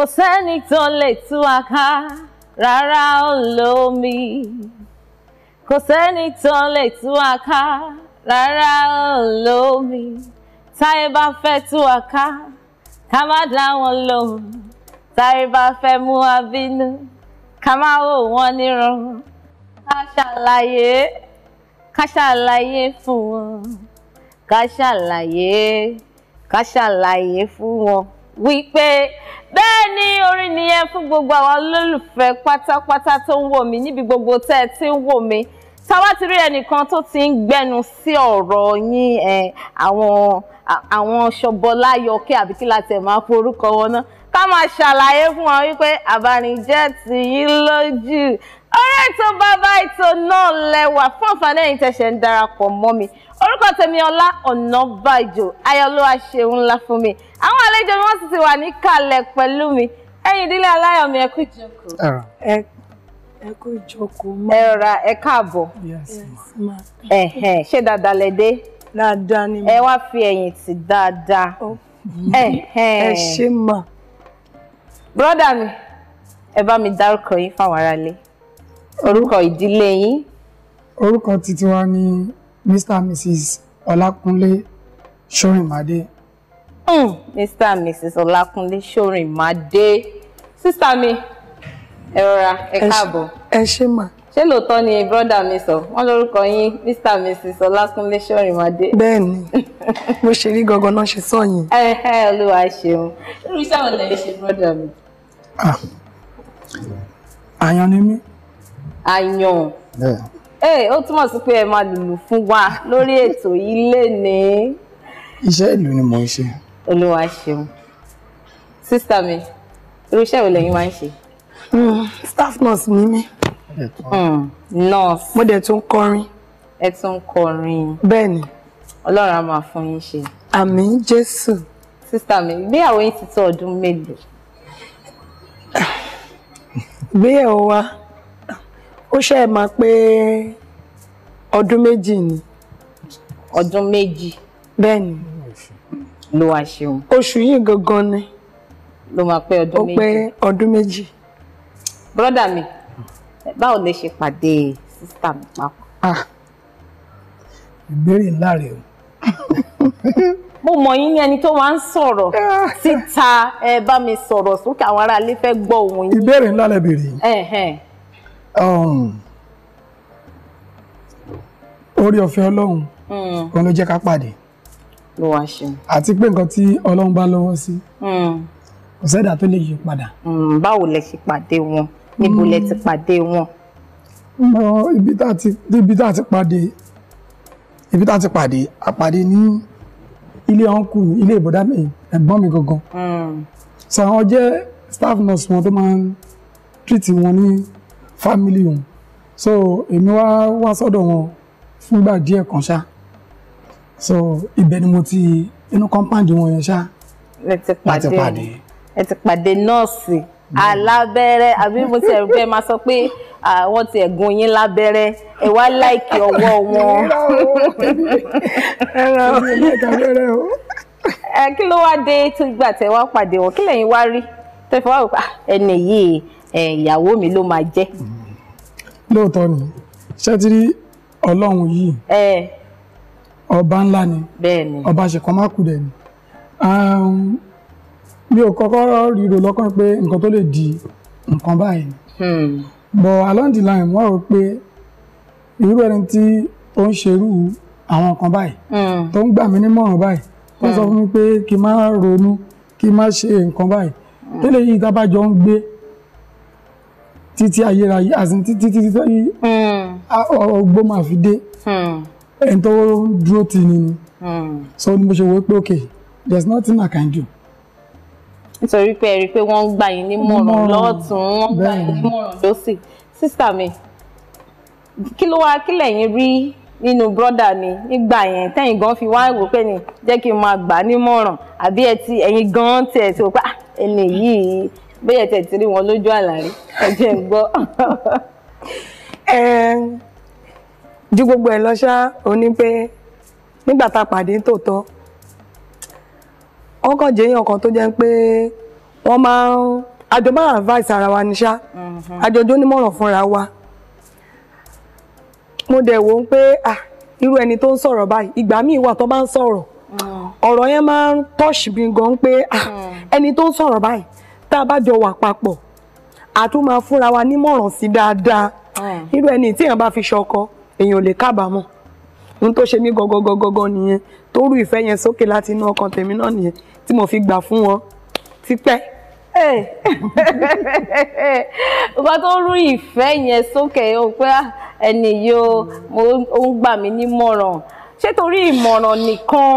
kò sẹ́ni tó lè tú wa ká rárá olómi kò sẹ́ni tó lè tú wa ká rárá olómi táyé bá fẹ́ tú wa ká ká má dá wọn lóhùn táyé bá fẹ́ mú wa ká má wò wọ́n nírun ká ṣàlàyé ká ṣàlàyé fún wọn ká ṣàlàyé ká ṣàlàyé fún wọn wípé bẹ́ẹ̀ ni orin nìyẹn fún gbogbo àwọn olólùfẹ́ pátápátá tó ń wò mí níbi gbogbo tẹ́ ẹ ti ń wò mí táwa ti rí ẹnìkan tó ti ń gbẹnu sí ọ̀rọ̀ yín àwọn àwọn ṣọbọláyọkẹ́ àbí kí láti ẹ̀ máa forúkọ wọn náà ká máa ṣàlàyé fún wọn wípé àbánijẹ́ ti yí lójú orí ètò bàbá ètò náà lẹ́wà fún àǹfààní ẹ̀yin tẹ̀sẹ̀ ń darapọ̀ mọ́ mi orúkọ tèmi Ọlá Ọ̀nàbàjò ayọ̀lúwa ṣeun ńlá fún mi àwọn àlejò mi wọ́n sì ti wà ní kalẹ̀ pẹ̀lú mi ẹ̀yin ìdílé aláyọ̀ mi ẹ kú ìjókòó. ẹ kú ìjókòó ma. ẹ rọra ṣé dáadáa lẹ dáadáa ni mo. ẹ wá fi ẹ̀yìn tì dáadáa. Oh. ẹ ṣe mà. bọ́dà mi ẹ bá mi dárúkọ yín fáwọn aráalé orúkọ ìdílé yín. orúkọ titi wa ni mr and mrs ọlákúnlé ṣorìmádé. Mm, mr and mrs Olakunle ṣorìmádé sísá mi ẹ rọra ẹ káàbọ̀. ẹ ṣe mà. ṣé lóòótọ́ ni brọ́dà mi sọ wọ́n lórúkọ yín mr and mrs Olakunle ṣorìmádé. bẹ́ẹ̀ni mo ṣe rí gangan náà ṣe sọ yìí. Eh, ẹ olúwa ṣeun irú iṣẹ́ wo lẹ́yìn ṣe brọ́dà mi. Ah, àyàn ni mí. àyàn ẹ o túmọ̀ sí pé ẹ máa lùlù fún wa lórí ètò yìí lénìí. iṣẹ́ ìlú ni mò ń ṣe. olúwa ṣeun sísítà mi irú iṣẹ́ wo lẹ́yìn máa ń ṣe. Hmm, staff nurse ni mí. Hmm, nurse. mo dẹ̀ tún kọrin. ẹ tún kọrin. bẹ́ẹ̀ ni. ọlọ́run á máa fún yín ṣe. àmín jésù. sísítà mi ìgbéyàwó yín ti tó ọdún mélòó. ìgbéyàwó wa. ó ṣe ma pé ọdún méjì ni. ọdún méjì. bẹ́ẹ̀ ni. ló wá ṣeun. oṣù yìí gangan ni. ló máa pé ọdún méjì. ó pé ọdún méjì. bọ́dà mi báwo lè ṣe pàdé sísítà mi papọ̀. ìbéèrè ńlá rèé o mo mọ̀ yín ní ẹni tó máa ń sọ̀rọ̀ ah. síta ẹ bá mi sọ̀rọ̀ sókè àwọn aráalé fẹ́ gbọ́ ohun yín. ìbéèrè ńlá lẹ yìí. Um, orí ọ̀fẹ́ ọlọ́run kan hmm. ló jẹ́ ká pàdé ló wá ṣeun àti pé nǹkan tí ọlọ́run bá lọ́wọ́ sí hmm. kò sẹ́dà tó lè yí padà. Hmm, báwo lẹ ṣe pàdé wọn níbo lẹ ti pàdé wọn. mọ ibi tá a ti pàdé ibi tá a ti pàdé a pàdé ní ilé ọ̀nkù ilé ìbọ̀dá mi ẹ̀gbọ́n mi gangan. sọ àwọn jẹ́ staff nurse wọn tó máa ń treat wọn ní family òun so èmi wá wá sọ́dọ̀ wọn fúngbà díẹ̀ kan ṣá so ibẹ̀ ni mo ti inú compound wọn yẹn ṣá láti pàdé ẹ ti pàdé nọ́ọ̀sì hmm. alábẹ́rẹ́ àbí mo ti ẹ̀rù pé máa sọ pé àwọn ti ẹ̀gún yín lábẹ́rẹ́ ẹ wá láìkì ọwọ́ wọn. kí ló wá dé tó gbà tẹ wá pàdé wọn kí lẹ́yìn wá rí tẹ fi wá rò pé ẹni yìí ìyàwó mi ló máa jẹ́. lóòótọ́ ni ṣẹ́tírí ọlọ́run yìí ọba ńlá ni ọba ṣèkan má kú dẹ̀ ni mi ò kọ́kọ́ ríro lọ́kàn pé nǹkan tó lè di nǹkan báyìí hmm. but along the line wọ́n rò pé irú ẹni tí ó ń ṣerú àwọn nǹkan báyìí hmm. tó ń gbà mí nímọ̀ràn báyìí tó sọ hmm. fún mi pé kí n má ronú kí n má ṣe nǹkan báyìí tó lè yí ìta bá jọ ń gbé títí ayérayé àti títí títí tó yí ọgbọ́n hmm. máa fi dé hmm. ẹni tó dúró tì ní ni hmm. so ni mo ṣe wò pé ok there is nothing I can do. nítorí pé ẹ i pé wọ́n ń gbà yín nímọ̀ràn lọ́tún wọ́n ń gbà yín nímọ̀ràn lọ́sì sísítà mi kí ló wá kí lẹ̀yin rí nínú brọ́dà mi nígbà yẹn tẹ́yìn gan fi wá wò pé ni jẹ́ kí n máa gbà nímọ̀ràn àbí ẹ gan tiẹ̀ ti wò pé ah, ẹni yìí bóyá tẹ̀ tí rí wọn lójú àlá rí ẹ̀jẹ̀ ń gbọ́. ju gbogbo ẹ̀ lọ ṣá o ní pé nígbà tá a pàdé tòótọ́ wọ́n kàn jẹ́yàn kan tó jẹ́ pé wọ́n máa ń àjọ máa advice ara wa ní ṣá àjọjọ́ mm-hmm. nímọ̀ràn fúnra wa mo dẹ̀ wò ó pé ah irú ẹni tó ń sọ̀rọ̀ báyìí ìgbà míì wà tó bá ń sọ̀rọ̀ mm. ọ̀rọ̀ yẹn máa ń touch mi gan pé ah ẹni tó ń sọ̀rọ̀ báyìí tá a bá jọ wà papọ̀ a tún máa fúnra wa nímọ̀ràn sí dáadáa irú ẹni tí èèyàn bá fi ṣọkọ èèyàn ò lè kábàámọ̀ ohun tó ṣe mí gọgọgọgọgọ nìyẹn tó rú ìfẹ́ yẹn sókè láti inú ọkàn tèmi náà nìyẹn tí mo fi gbà fún wọn tipẹ́ ìgbà tó rú ìfẹ́ yẹn sókè ó pé ah, ẹni yóò ó ń gbà mí nímọ̀ràn ṣé torí ìmọ̀ràn nìkan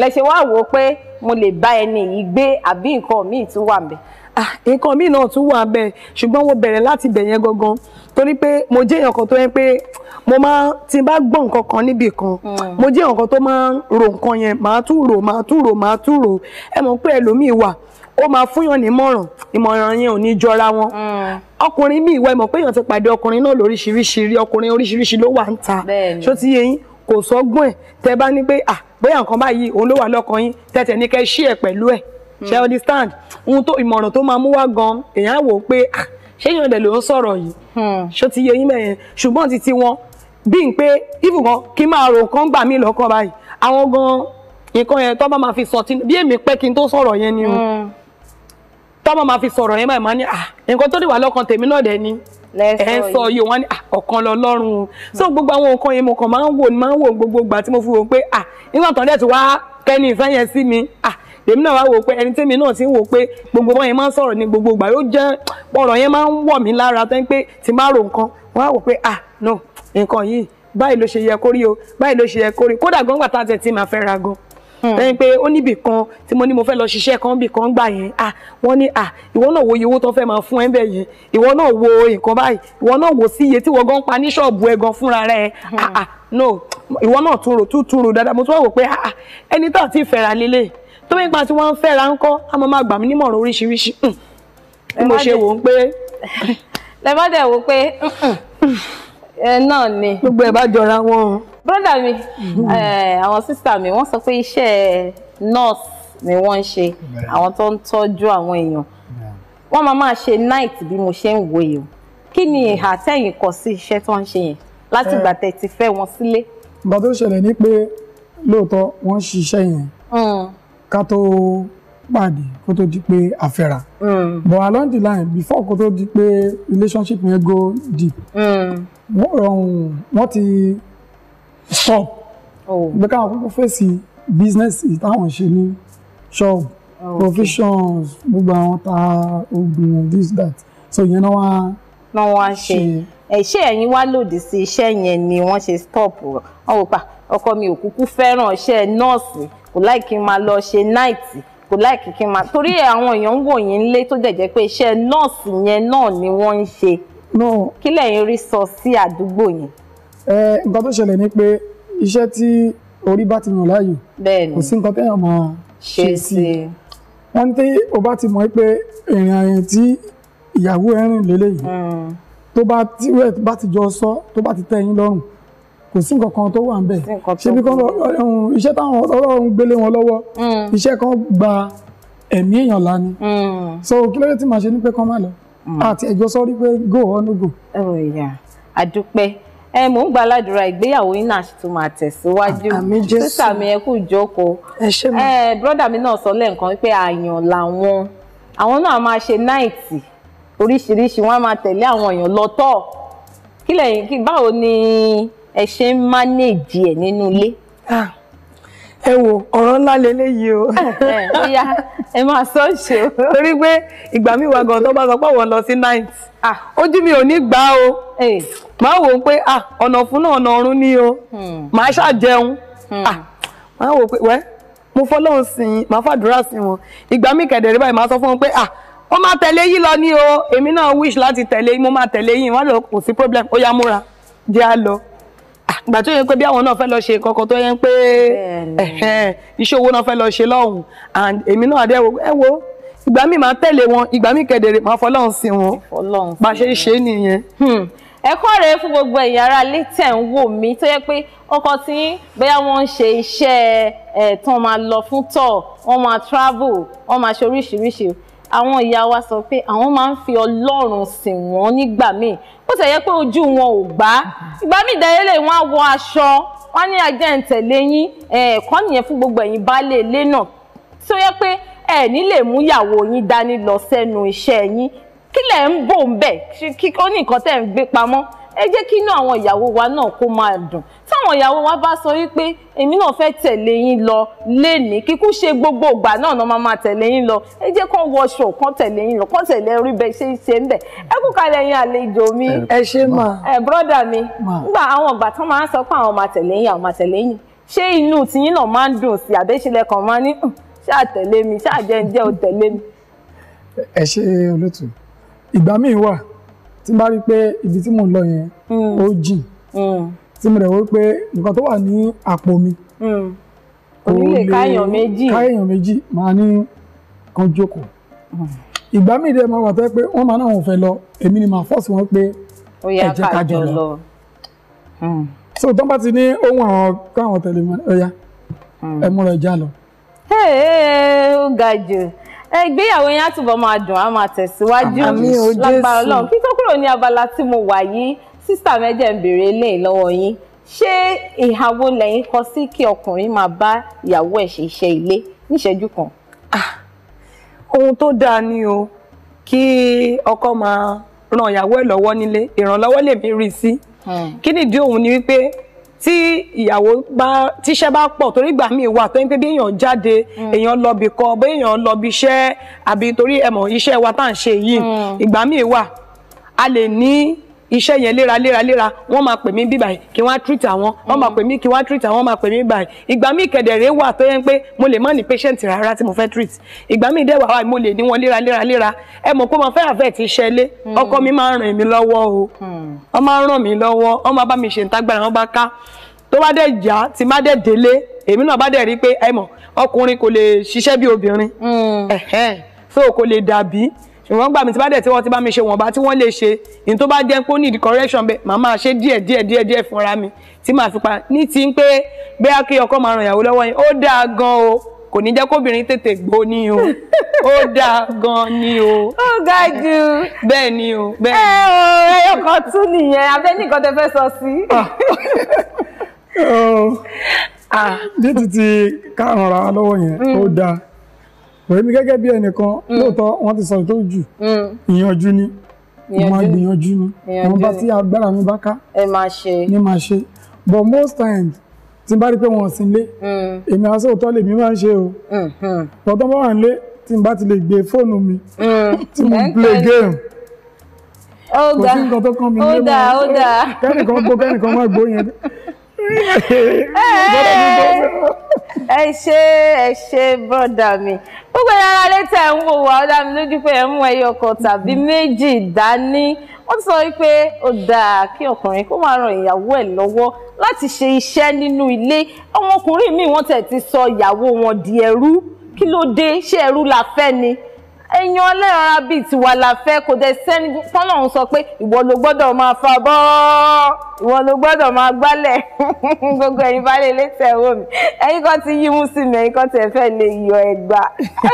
lẹ ṣe wá wò ó pé mo lè bá ẹni yìí gbé àbí nǹkan míì tún wà ńbẹ̀. Ah, nǹkan míì náà tún wà bẹ́ẹ̀ ṣùgbọ́n mo bẹ̀rẹ̀ láti bẹ̀ yẹn gangan torí pé mo jẹ́ èèyàn kan tó yẹn pé mo máa ti bá gbọ́ nǹkan kan níbì kan hmm. mo jẹ́ èèyàn kan tó máa ń ro nǹkan yẹn màá tún rò màá tún rò màá tún rò ẹ mọ̀ pé ẹlòmíì wà ó máa fúnyàn nímọ̀ràn ìmọ̀ràn yẹn ò ní jọra wọn hmm. ọkùnrin míì wà ẹ mọ̀ pé èèyàn ti pàdé ọkùnrin náà lóríṣiríṣi rí ọkùnrin oríṣiríṣi ló wà ń ta ṣó ti yé yín kò sọ́gbọ́n ẹ̀ tẹ́ bá ní pé ah, bóyá nǹkan báyìí òun ló wà lọ́kàn yín tẹ̀tẹ̀ ní kẹ́ ṣí ẹ̀ pẹ̀lú ẹ̀ ṣe mm. understand ohun tó ìmọ̀ràn tó máa mú wá gan èèyàn wò ó pé ah, ṣé èèyàn dẹ̀ ló ń sọ̀rọ̀ yìí hmm. ṣó ti yé yín mẹ́yẹn ṣùgbọ́n ti tiwọn bí n pé even kan kí n máa ro nǹkan gbà mí lọ́kàn báyìí àwọn gan nǹkan yẹn tó bá máa fi sọ bí èmi pẹ́ kí n tó sọ̀rọ̀ yẹn ni o hmm. tó bá máa fi sọ̀rọ̀ yẹn báyìí máa ní ah, nǹkan tó dì wà lọ́kàn tèmi náà dẹ̀ ni ẹ ń sọ yìí wọn ní ah, ọ̀kan lọ́lọ́run so gbogbo àwọn nǹkan yẹn mo kàn máa ń wò máa ń wò gbogbo ìgbà tí mo fi wò pé ah nígbà tán dẹ̀ tí wá kẹ́ni ìfẹ́ yẹn sí mi ah èmi náà wá wò pé ẹni tẹ́mi náà ti ń wò pé gbogbo wọn yẹn máa ń sọ̀rọ̀ ní gbogbo ìgbà yóò jẹ́ ọ̀rọ̀ yẹn máa ń wọ̀ mí lára tó ń pé tí n bá nǹkan wọ́n á wò pé ah no nǹkan yìí báyìí ló ṣe yẹ kó o báyìí ló ṣe yẹ kó rí kódà gan gbà tá a tẹ̀ tí màá fẹ́ ra gan hmm. tẹ́yìn pé ó níbì kan tí mo ní mo fẹ́ lọ ṣiṣẹ́ kan bì kan gbà yẹn à ah, wọ́n ní à ah, ìwọ náà wo iye owó tó fẹ́ máa fún ẹ bẹ́ẹ̀ yẹn ìwọ náà wo nǹkan báyìí ìwọ náà wo sí iye tí wọ́n gan pa ní ṣọ́ọ̀bù ẹ gan fúnra rẹ̀ à à no ìwọ náà tún rò tún tún rò dáadáa mo tún wà wò pé à ah, ẹni tó àti ìfẹ́ra lélẹ̀ tó bẹ́ẹ̀ nípa tí wọ́n ń fẹ́ra ńkọ́ á máa gbà mí nímọ̀ràn oríṣiríṣi hmm. bí mo ṣe wò ó pé. lẹ bá dẹ̀ wò pé hmm, ẹ náà ni. gbogbo ẹ bá jọra wọn. bọ́dà mi àwọn sísá mi wọ́n sọ pé iṣẹ́ nọ́ọ̀sì ni wọ́n ń ṣe àwọn tó ń tọ́jú àwọn èèyàn wọ́n máa máa ṣe night bí mo ṣe ń wò yìí kí ni ìhà tẹ̀yìn kọ sí iṣẹ́ tó ń ṣe yẹn láti ìgbà tẹ̀ ti fẹ́ wọn sílé. ìgbà tó ṣẹlẹ̀ ni pé lóòótọ́ wọ́n ṣiṣẹ́ yẹn hmm ká tó pàdé kó tó di pé a fẹ́ra. Mm. but along the line before kó tó di pé relationship yẹn go deep. Mm. wọ́n ti stop. ìgbẹ́ oh. káwọn kúkú fèsì business ìtàwọn ṣe ní shop oh, professions gbogbo àwọn ta oògùn this that so yẹn náà wá. náà wá ṣe ṣé ẹ̀yin wá lòdì sí iṣẹ́ yẹn ni wọ́n ṣe stop ọ̀pá ah, ọkọ mi ò kúkú fẹ́ràn iṣẹ́ nọ́ọ̀sì kò láì kí n máa lọ ṣe náìtì kò láì kí kí n máa torí àwọn èèyàn ń wò yín nílé tó dẹ̀ pé iṣẹ́ nọ́ọ̀sì yẹn náà ni wọ́n ń ṣe kí lẹ̀yin rí sọ sí àdúgbò yẹn. ẹ nǹkan tó ṣẹlẹ̀ ni pé iṣẹ́ tí orí bá ti yàn láàyò kò sí nǹkan téèyàn mọ̀ ṣe sí i wọ́n ní o bá ti mọ̀ pé ìrìn àyè tí ìyàwó ẹ̀ rìn hmm. tó bá ti jọ sọ tó bá ti tẹ́ yín lọ́rùn kò sí nǹkan kan tó wà ń bẹ̀ ṣebí kan iṣẹ́ táwọn ọlọ́run gbélé wọn lọ́wọ́ hmm. iṣẹ́ kan gba ẹ̀mí èèyàn lání hmm. so kí ló dé tí màá ṣe ní pé kán má lọ hmm. àti ẹjọ́ sọ pé go or go. àdúpẹ́ ẹ mò ń gbàládùra ìgbéyàwó yín náà sì tún máa tẹ̀síwájú sísà mi ẹ kú ìjókòó ẹ brọ́dà mi náà sọ lẹ́ẹ̀kan pé àyàn làwọn àwọn náà máa ṣe náìtì oríṣiríṣi wọn á máa tẹ̀lé àwọn èèyàn lọ́tọ̀ kí lẹ́yìn báwo ni ẹ ṣe ń manage ẹ̀ nínú ilé. ẹ wo ọ̀rọ̀ ńlá leléyìí o. ìyá ẹ máa sọ ṣe o. torí pé ìgbà mi wà gan tó bá sọ pé àwọn lọ sí ninth ojú mi ò ní gbà o máa wò ó pé ọ̀nà fún náà ọ̀nà ọ̀run ni o máa hmm. ṣàjẹun máa hmm. wò ó pé wẹ́ẹ́ mo fọlọ́run sí i màá fàdúrà sí wọn ìgbà mi kẹ̀dẹ̀rẹ́ báyìí màá sọ fún wọn pé ah wọ́n máa tẹ̀lé yín lọ ní o èmi náà wish láti tẹ̀lé yín mo máa tẹ̀lé yín wọ́n lọ kò sí problem ó yá múra jẹ́ á lọ Ah, ìgbà tó yẹ pé bí àwọn náà fẹ́ lọ ṣe kankan tó yẹ pé iṣẹ́ owó náà fẹ́ lọ ṣe lọ́hùn and èmi náà adé ẹ wo ìgbà mi máa tẹ̀lé wọn ìgbà mi kedere máa fọlọ́hún sí wọn bá ṣe ṣe nìyẹn. Hmm. ẹ̀kọ́ rẹ̀ fún gbogbo ẹ̀yin ará ilé tẹ̀ ń wò mí tó yẹ pé ọkọ tí bóyá wọ́n ń ṣe iṣẹ́ ẹ̀ tán máa lọ fún tọ̀ wọ́n máa travel wọ́n máa ṣe oríṣiríṣi àwọn ìyá wa sọ pé àwọn máa ń fi Ọlọ́run sìn wọ́n nígbà míì ó tẹ̀ yẹ pé ojú wọn ò gbá ìgbà míì ìdáyẹlẹ wọn á wọ aṣọ wọn ní ajá ń tẹ̀lé yín ẹ̀ẹ̀kọ́ nìyẹn fún gbogbo ẹ̀yin baálé ilé náà tí ó yẹ pé ẹ ní lè mú ìyàwó yín dání lọ sẹ́nu iṣẹ́ yín kí lẹ̀ ń bò ń bẹ̀ kí ó ní nǹkan tẹ̀ ń gbé pamọ́ ẹ jẹ́ kí inú àwọn ìyàwó wa náà kó máa dùn táwọn ìyàwó wọn bá sọ wípé èmi náà fẹ́ tẹ̀lé yín lọ lénìí kíkú ṣe gbogbo ìgbà náà náà máa máa tẹ̀lé yín lọ ẹ jẹ́ kán wọṣọ kán tẹ̀lé yín lọ kán tẹ̀lé orí bẹ́ẹ̀ ṣe ń ṣe ń bẹ̀ ẹ kú kalẹ̀ yín àlejò mi ẹ ṣe mà ẹ bọ́dà mi nígbà àwọn ìgbà tán máa ń sọ pé àwọn máa tẹ̀lé yín àwọn máa tẹ̀lé yín ṣé inú tiyín náà máa ń dùn sí àbẹ́ṣẹlẹ̀ kan máa ní ṣáà tẹ̀lé mi ṣáà jẹ́ ń jẹ́ ò tẹ̀lé tí mo rẹ̀ wọ́n pé nǹkan tó wà ní àpò mi hmm. kò lè káyàn méjì káyàn méjì máa ní kan jókòó hmm. ìgbà míì dẹ́ máa wà tó pé wọ́n máa náà wọ́n fẹ́ lọ èmi ni màá fọ́ọ̀sì wọn pé ẹ jẹ́ ká jọ lọ hmm. so tó bá ti ní ohun àwọn káwọn tẹ̀lé mọ́ ọ̀yá ẹ múra ẹ já lọ. ó ga jù ìgbéyàwó yẹn á túbọ̀ máa dùn á máa tẹ̀síwájú lágbára Ọlọ́run kí kúrò ní abala tí mo wà yìí sísà mẹ́jẹ̀ ń béèrè eléyìí lọ́wọ́ yín ṣé ìhàwó lẹ́yìn kọ sí kí ọkùnrin máa bá ìyàwó ẹ̀ ṣe iṣẹ́ ilé níṣẹ́jú kan. Ah, ohun tó dáa ni o kí ọkọ máa ran ìyàwó ẹ̀ lọ́wọ́ nílé ìrànlọ́wọ́ lèmi rí sí hmm. kí nìdí òun ni wípé tí ìyàwó bá tíṣẹ́ bá pọ̀ torí ìgbà míì wà tó ń pé bí èèyàn jáde hmm. èèyàn lọ́bì kan bí èèyàn lọ́bì iṣẹ́ àbí torí ẹ̀mọ̀ iṣẹ́ wa tá à ń ṣe yìí hmm. ìgbà míì wà a lè ní iṣẹ́ yẹn léraléraléra wọ́n máa pè mí bí báyìí kí wọ́n á treat àwọn wọ́n máa pè mí kí wọ́n á treat àwọn wọ́n máa pè mí báyìí ìgbà míì kẹ̀dẹ̀rẹ́ wà tó yẹn pé mo lè má ní patient rárá tí mo fẹ́ treat ìgbà míì dẹ̀ wà mo lè ní wọn léraléraléra ẹ mọ̀ pé mo fẹ́ àfẹ́ ti lé ọkọ mi máa ń ràn mí lọ́wọ́ o hmm. wọ́n máa ń ràn mí lọ́wọ́ wọ́n máa bá mi ṣe ìtagbára wọ́n bá ká tó bá dẹ̀ yá tí má dẹ̀ délé èmi náà bá dẹ̀ rí pé ẹ mọ̀ ọkùnrin kò lè ṣiṣẹ́ bí obìnrin hmm. so kò lè dàbí ṣùgbọ́n gbà mí tí bá dẹ̀ tí wọ́n ti bá mi ṣe wọ̀nba tí wọ́n lè ṣe ní tó bá jẹ́ kó need correction bẹ́ẹ̀ màá máa ṣe díẹ̀ díẹ̀ díẹ̀ díẹ̀ fúnra mi tí màá fi pa ní ti ń pé bẹ́ẹ̀ kí ọkọ máa ràn ìyàwó lọ́wọ́ yẹn ó dáa gan o kò ní jẹ́ kóbìnrin tètè gbó ni o ó dáa gan ni o. ó ga jù. bẹ́ẹ̀ ni o bẹ́ẹ̀ ni. ẹ o ẹyọ kan tún nìyẹn abẹ́ nìkan tẹ fẹ́ sọ sí. Oh. Ah, ní ti ká ràn ra lọ́wọ́ yẹn ó mm. dáa èmi gẹ́gẹ́ bí ẹnìkan mm. lóòótọ́ wọ́n ti sọ tó jù mm. ìyànjú ni mo máa gbìyànjú ni àwọn bá tí agbára mi bá ká ní máa ṣe but most times tí n bá rí pé wọn ò sí nílé mm. èmi aṣọ òótọ́ lèmi máa ń ṣe o mm-hmm. tọ́tọ́ bá wà nílé tí n bá ti lè gbé fóònù mi tí mo play game kò sí nǹkan tó kàn mí kẹ́nìkan gbó kẹ́nìkan má gbó yẹn ẹ ṣe ẹ ṣe bọ́dà mi gbogbo ìyára létí ẹ̀ ń wò wá ó dá mi lójú pé ẹ̀ ń mú ẹyọ ọkọ̀ tàbí méjì dání wọ́n sọ pé ó dáa kí ọkùnrin kó máa ran ìyàwó ẹ̀ lọ́wọ́ láti ṣe iṣẹ́ nínú ilé ọmọkùnrin míì wọ́n tẹ̀ ti sọ ìyàwó wọn di ẹrú kí ló dé ṣé ẹrú la fẹ́ ni èèyàn ẹlẹ́ran bíi tiwa la fẹ́ kò dẹ̀ sẹ́ni fọ́nà ń sọ pé ìwọ ló gbọ́dọ̀ máa fa bọ́ ìwọ ló gbọ́dọ̀ máa gbálẹ̀ gbogbo ẹ̀yin bá lè létẹ̀ ẹ̀wọ̀ mi ẹ̀yin kan ti yí mú sí mi ẹ̀yin kan tẹ̀ fẹ́ lè yọ ẹgbà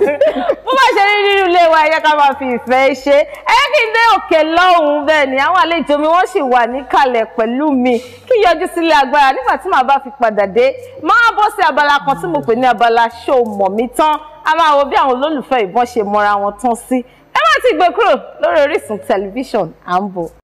bó bá ṣe rí nínú ilé wa ẹ̀yẹ́ ká máa fi ìfẹ́ ṣe ẹ̀yẹ́ kí n dé òkè lọ́hùn bẹ́ẹ̀ ni àwọn àlejò mi wọ́n sì wà níkàlẹ̀ pẹ̀lú mi kí yọjú sílé agbára nígbà tí màá bá fi padà dé máa bọ́ sí abala kan tí mo pè ní abala ṣó mọ̀ mí tán a máa wo bí àwọn olólùfẹ́ ìbọn ṣe mọra wọn tán sí ẹ má ti gbé kúrò lórí Orísun tẹlifíṣàn à ń bọ̀.